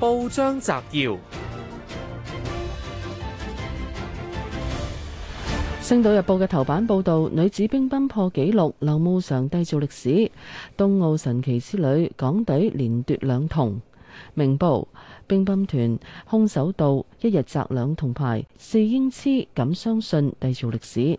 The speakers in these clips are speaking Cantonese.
報章摘要：《星島日報》嘅頭版報道女子乒乓破紀錄，劉慕裳締造歷史；東奧神奇之旅，港隊連奪兩銅。明報乒乓團空手道一日摘兩銅牌，四英雌敢相信締造歷史。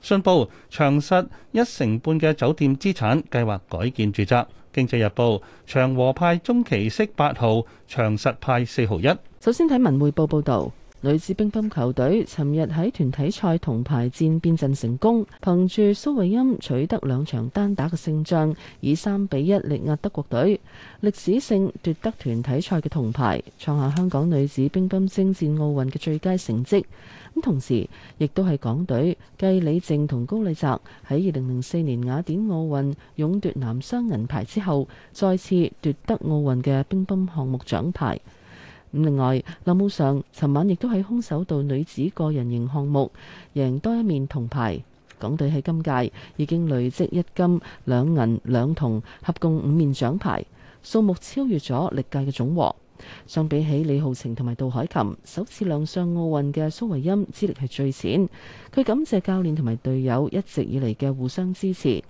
信報長實一成半嘅酒店資產計劃改建住宅。經濟日報長和派中期息八毫，長實派四毫一。首先睇文匯報報道。女子乒乓球隊尋日喺團體賽銅牌戰變陣成功，憑住蘇慧音取得兩場單打嘅勝仗，以三比一力壓德國隊，歷史性奪得團體賽嘅銅牌，創下香港女子乒乓征戰奧運嘅最佳成績。咁同時，亦都係港隊繼李靜同高禮澤喺二零零四年雅典奧運勇奪男雙銀牌之後，再次奪得奧運嘅乒乓項目獎牌。咁另外，劉慕裳尋晚亦都喺空手道女子個人型項目贏多一面銅牌。港隊喺今屆已經累積一金兩銀兩銅，合共五面獎牌，數目超越咗歷屆嘅總和。相比起李皓晴同埋杜凱琹首次亮相奧運嘅蘇慧音資歷係最淺，佢感謝教練同埋隊友一直以嚟嘅互相支持。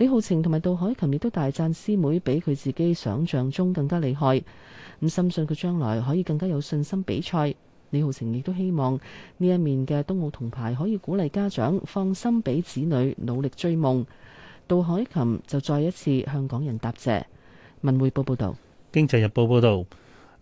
李浩晴同埋杜海琴亦都大讚師妹比佢自己想象中更加厲害，咁深信佢將來可以更加有信心比賽。李浩晴亦都希望呢一面嘅東奧銅牌可以鼓勵家長放心俾子女努力追夢。杜海琴就再一次向港人答謝。文匯報報道，經濟日報報道。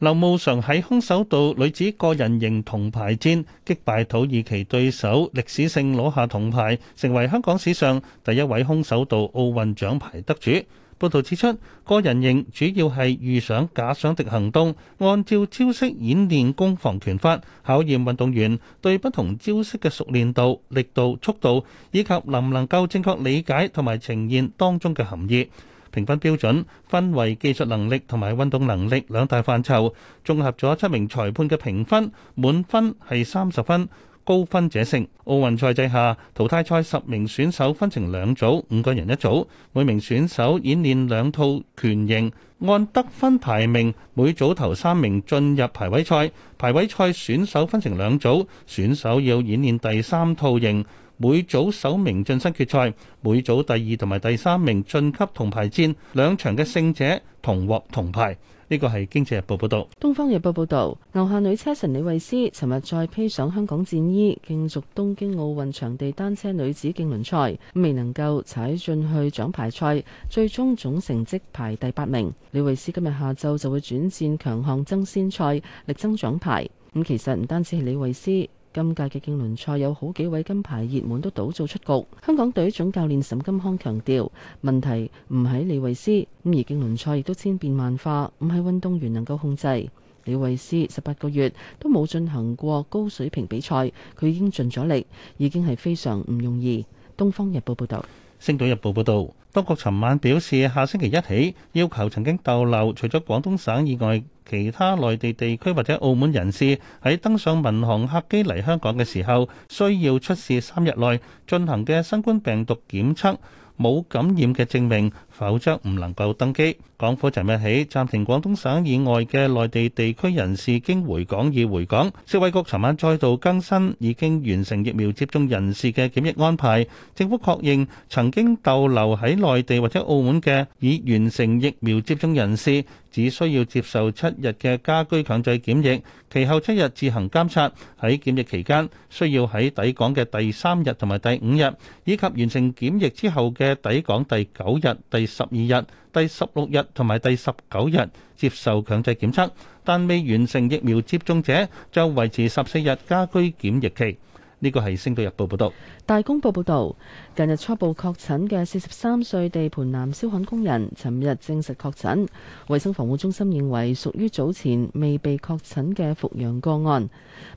劉慕常喺空手道女子個人型銅牌戰擊敗土耳其對手，歷史性攞下銅牌，成為香港史上第一位空手道奧運獎牌得主。報道指出，個人型主要係遇上假想敵行動，按照招式演練攻防拳法，考驗運動員對不同招式嘅熟練度、力度、速度，以及能唔能夠正確理解同埋呈現當中嘅含義。評分標準分為技術能力同埋運動能力兩大範疇，綜合咗七名裁判嘅評分，滿分係三十分，高分者勝。奧運賽制下，淘汰賽十名選手分成兩組，五個人一組，每名選手演練兩套拳型，按得分排名，每組頭三名進入排位賽。排位賽選手分成兩組，選手要演練第三套型。每組首名晉身決賽，每組第二同埋第三名晉級銅牌戰，兩場嘅勝者同獲銅牌。呢個係《經濟日報》報導，《東方日報》報導，牛下女車神李慧詩，尋日再披上香港戰衣，競逐東京奧運場地單車女子競輪賽，未能夠踩進去獎牌賽，最終總成績排第八名。李慧詩今日下晝就會轉戰強項爭先賽，力爭獎牌。咁其實唔單止係李慧詩。今屆嘅競輪賽有好幾位金牌熱門都倒灶出局。香港隊總教練沈金康強調，問題唔喺李慧詩，咁而競輪賽亦都千變萬化，唔係運動員能夠控制。李慧詩十八個月都冇進行過高水平比賽，佢已經盡咗力，已經係非常唔容易。《東方日報》報道，《星島日報》報道，當局尋晚表示，下星期一起要求曾經逗留除咗廣東省以外，其他內地地區或者澳門人士喺登上民航客機嚟香港嘅時候，需要出示三日內進行嘅新冠病毒檢測冇感染嘅證明。否則唔能夠登機。港府尋日起暫停廣東省以外嘅內地地區人士經回港易回港。食衞局尋晚再度更新已經完成疫苗接種人士嘅檢疫安排。政府確認曾經逗留喺內地或者澳門嘅已完成疫苗接種人士，只需要接受七日嘅家居強制檢疫，其後七日自行監察。喺檢疫期間，需要喺抵港嘅第三日同埋第五日，以及完成檢疫之後嘅抵港第九日，第十二日、第十六日同埋第十九日接受強制檢測，但未完成疫苗接種者就維持十四日家居檢疫期。呢、這個係《星島日報》報道。大公報報道，近日初步確診嘅四十三歲地盤男燒焊工人，尋日證實確診。衛生防護中心認為屬於早前未被確診嘅復陽個案。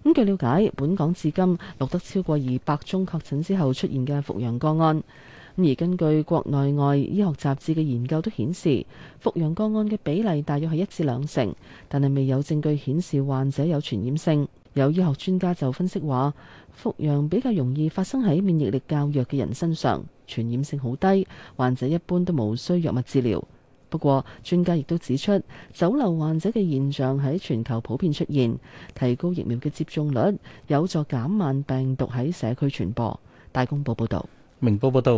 咁據了解，本港至今錄得超過二百宗確診之後出現嘅復陽個案。而根據國內外醫學雜誌嘅研究都顯示，復陽個案嘅比例大約係一至兩成，但係未有證據顯示患者有傳染性。有醫學專家就分析話，復陽比較容易發生喺免疫力較弱嘅人身上，傳染性好低，患者一般都無需藥物治療。不過，專家亦都指出，走漏患者嘅現象喺全球普遍出現，提高疫苗嘅接種率有助減慢病毒喺社區傳播。大公報報導。明報報導，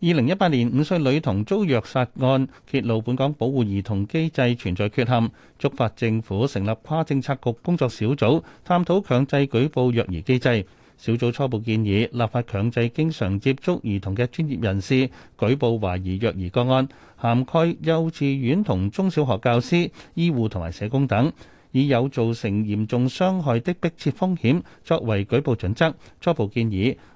二零一八年五歲女童遭虐殺案揭露，本港保護兒童機制存在缺陷，觸發政府成立跨政策局工作小組，探討強制舉報虐兒機制。小組初步建議立法強制經常接觸兒童嘅專業人士舉報懷疑虐兒個案，涵蓋幼稚園同中小學教師、醫護同埋社工等，以有造成嚴重傷害的迫切風險作為舉報準則。初步建議。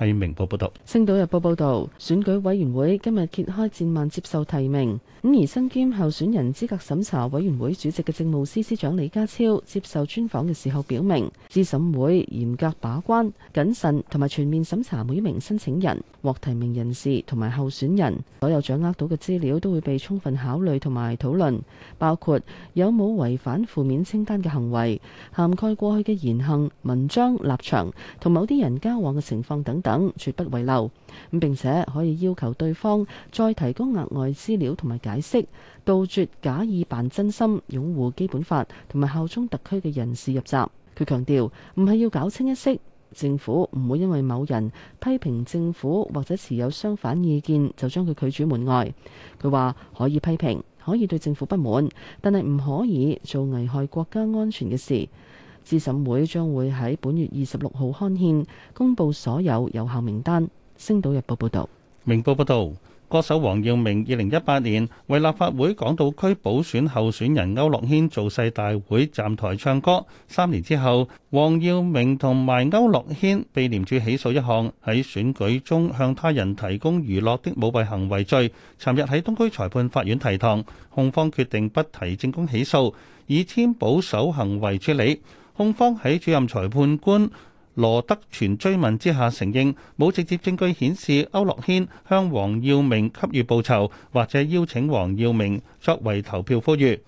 係明報報道，《星島日報》報道，選舉委員會今日揭開戰幔，接受提名。咁而身兼候選人資格審查委員會主席嘅政務司司長李家超，接受專訪嘅時候，表明資審會嚴格把關、謹慎同埋全面審查每名申請人獲提名人士同埋候選人，所有掌握到嘅資料都會被充分考慮同埋討論，包括有冇違反負面清單嘅行為，涵蓋過去嘅言行、文章、立場同某啲人交往嘅情況等等。等，絕不遺漏咁。並且可以要求對方再提供額外資料同埋解釋，杜絕假意扮真心、擁護基本法同埋效忠特區嘅人士入閘。佢強調，唔係要搞清一色，政府唔會因為某人批評政府或者持有相反意見就將佢拒諸門外。佢話可以批評，可以對政府不滿，但係唔可以做危害國家安全嘅事。資審會將會喺本月二十六號刊憲公佈所有有效名單。星島日報報道。明報報道，歌手黃耀明二零一八年為立法會港島區補選候選人區諾軒造勢大會站台唱歌。三年之後，黃耀明同埋區諾軒被廉署起訴一項喺選舉中向他人提供娛樂的舞弊行為罪。尋日喺東區裁判法院提堂，控方決定不提證供起訴，以簽保守行為處理。控方喺主任裁判官羅德全追問之下，承認冇直接證據顯示歐樂軒向黃耀明給予報酬，或者邀請黃耀明作為投票呼籲。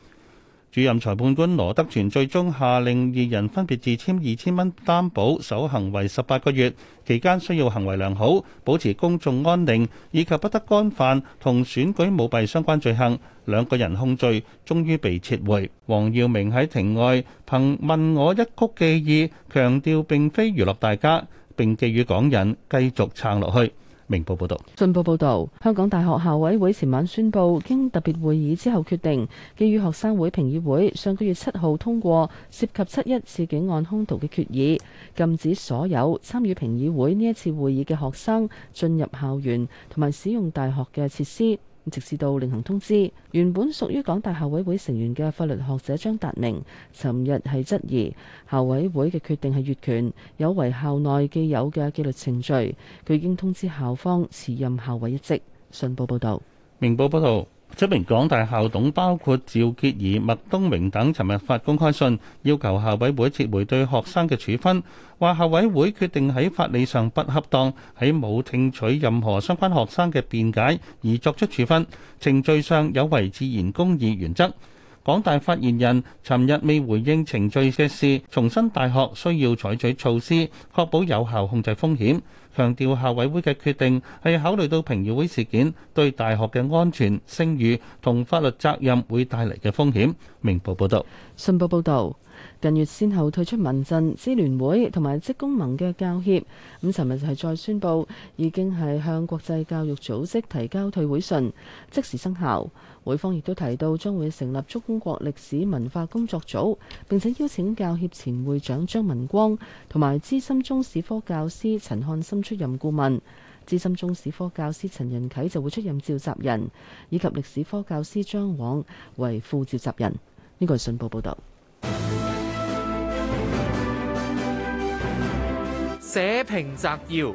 主任裁判官羅德全最終下令二人分別自簽二千蚊擔保，守行為十八個月，期間需要行為良好，保持公眾安寧，以及不得干犯同選舉舞弊相關罪行。兩個人控罪終於被撤回。黃耀明喺庭外憑問我一曲記憶，強調並非娛樂大家，並寄予港人繼續撐落去。明報報導，信報報導，香港大學校委會前晚宣布，經特別會議之後決定，基於學生會評議會上個月七號通過涉及七一刺警案兇徒嘅決議，禁止所有參與評議會呢一次會議嘅學生進入校園同埋使用大學嘅設施。直至到另行通知，原本屬於港大校委會成員嘅法律學者張達明，尋日係質疑校委會嘅決定係越權，有違校內既有嘅紀律程序。佢已經通知校方辭任校委一職。信報報道。明報報道。七名港大校董包括趙潔儀、麥東明等，尋日發公開信，要求校委會撤回對學生嘅處分，話校委會決定喺法理上不恰當，喺冇聽取任何相關學生嘅辯解而作出處分，程序上有違自然公義原則。港大發言人尋日未回應程序嘅事，重申大學需要採取措施，確保有效控制風險，強調校委會嘅決定係考慮到評議會事件對大學嘅安全、聲譽同法律責任會帶嚟嘅風險。明報報道，信報報道。近月先後退出民陣、支聯會同埋職工盟嘅教協，咁，尋日就係再宣布，已經係向國際教育組織提交退會信，即時生效。會方亦都提到，將會成立中國歷史文化工作組，並且邀請教協前會長張文光同埋資深中史科教師陳漢森出任顧問，資深中史科教師陳仁啟就會出任召集人，以及歷史科教師張往為副召集人。呢、這個係信報報道。社評摘要，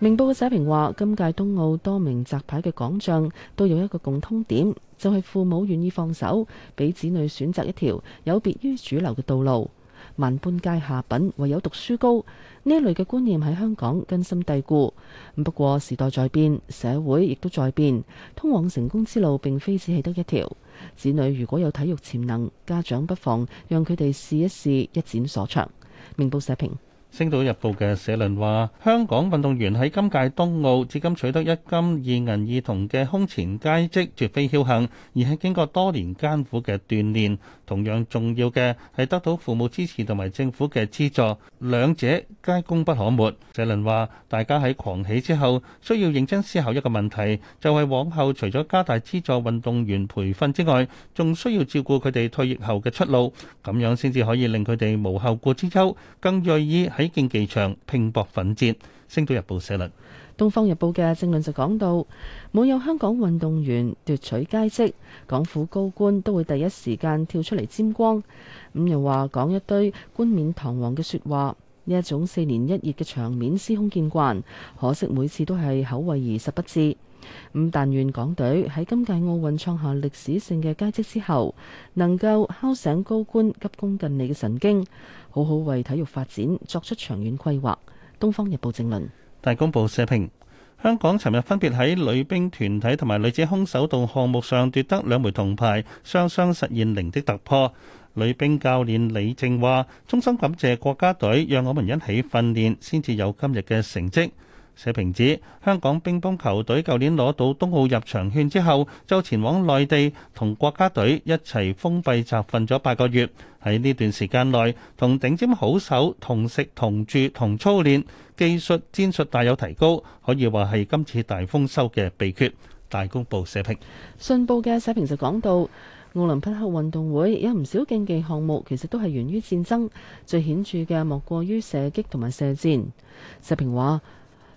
明報嘅社評話：今屆冬奧多名摘牌嘅港將都有一個共通點，就係、是、父母願意放手，俾子女選擇一條有別於主流嘅道路。萬般皆下品，唯有讀書高呢一類嘅觀念喺香港根深蒂固。不過時代在變，社會亦都在變，通往成功之路並非只係得一條。子女如果有體育潛能，家長不妨讓佢哋試一試一展所長。明報社評。《星島日報》嘅社論話：香港運動員喺今屆東奧至今取得一金二銀二銅嘅空前佳績，絕非僥倖，而係經過多年艱苦嘅鍛鍊。同樣重要嘅係得到父母支持同埋政府嘅資助，兩者皆功不可沒。社論話：大家喺狂喜之後，需要認真思考一個問題，就係、是、往後除咗加大資助運動員培訓之外，仲需要照顧佢哋退役後嘅出路，咁樣先至可以令佢哋無後顧之憂，更銳意。喺競技場拼搏奮戰，《星島日報》社論，《東方日報》嘅政論就講到，冇有香港運動員奪取佳績，港府高官都會第一時間跳出嚟沾光，咁又話講一堆冠冕堂皇嘅說話，呢一種四年一熱嘅場面司空見慣，可惜每次都係口惠而實不至。咁但願港隊喺今屆奧運創下歷史性嘅佳績之後，能夠敲醒高官急功近利嘅神經，好好為體育發展作出長遠規劃。《東方日報》正論。大公報社評：香港尋日分別喺女乒團體同埋女子空手道項目上奪得兩枚銅牌，雙雙實現零的突破。女乒教練李靜話：衷心感謝國家隊，讓我們一起訓練，先至有今日嘅成績。社評指香港乒乓球隊舊年攞到東奧入場券之後，就前往內地同國家隊一齊封閉集訓咗八個月。喺呢段時間內，同頂尖好手同食同住同操練，技術戰術大有提高，可以話係今次大豐收嘅秘訣。大公報社評。信報嘅社評就講到，奧林匹克運動會有唔少競技項目其實都係源於戰爭，最顯著嘅莫過於射擊同埋射箭。社評話。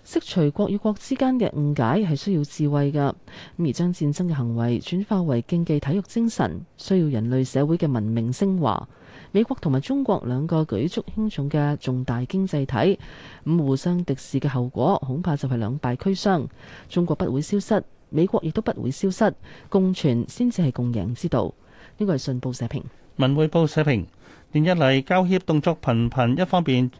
釋除國與國之間嘅誤解係需要智慧嘅，而將戰爭嘅行為轉化為競技體育精神，需要人類社會嘅文明昇華。美國同埋中國兩個舉足輕重嘅重大經濟體，咁互相敵視嘅後果恐怕就係兩敗俱傷。中國不會消失，美國亦都不會消失，共存先至係共贏之道。呢個係信報社評。文匯報社評，連日嚟交涉動作頻頻，一方面。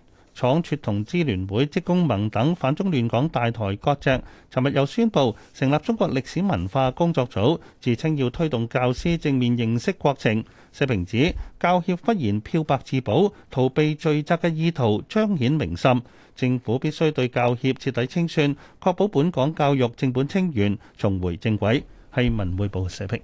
廠削同支聯會、職工盟等反中亂港大台割席，尋日又宣布成立中國歷史文化工作組，自稱要推動教師正面認識國情。社評指教協忽然漂白自保、逃避罪責嘅意圖，彰顯明心。政府必須對教協徹底清算，確保本港教育正本清源，重回正軌。係文匯報社評。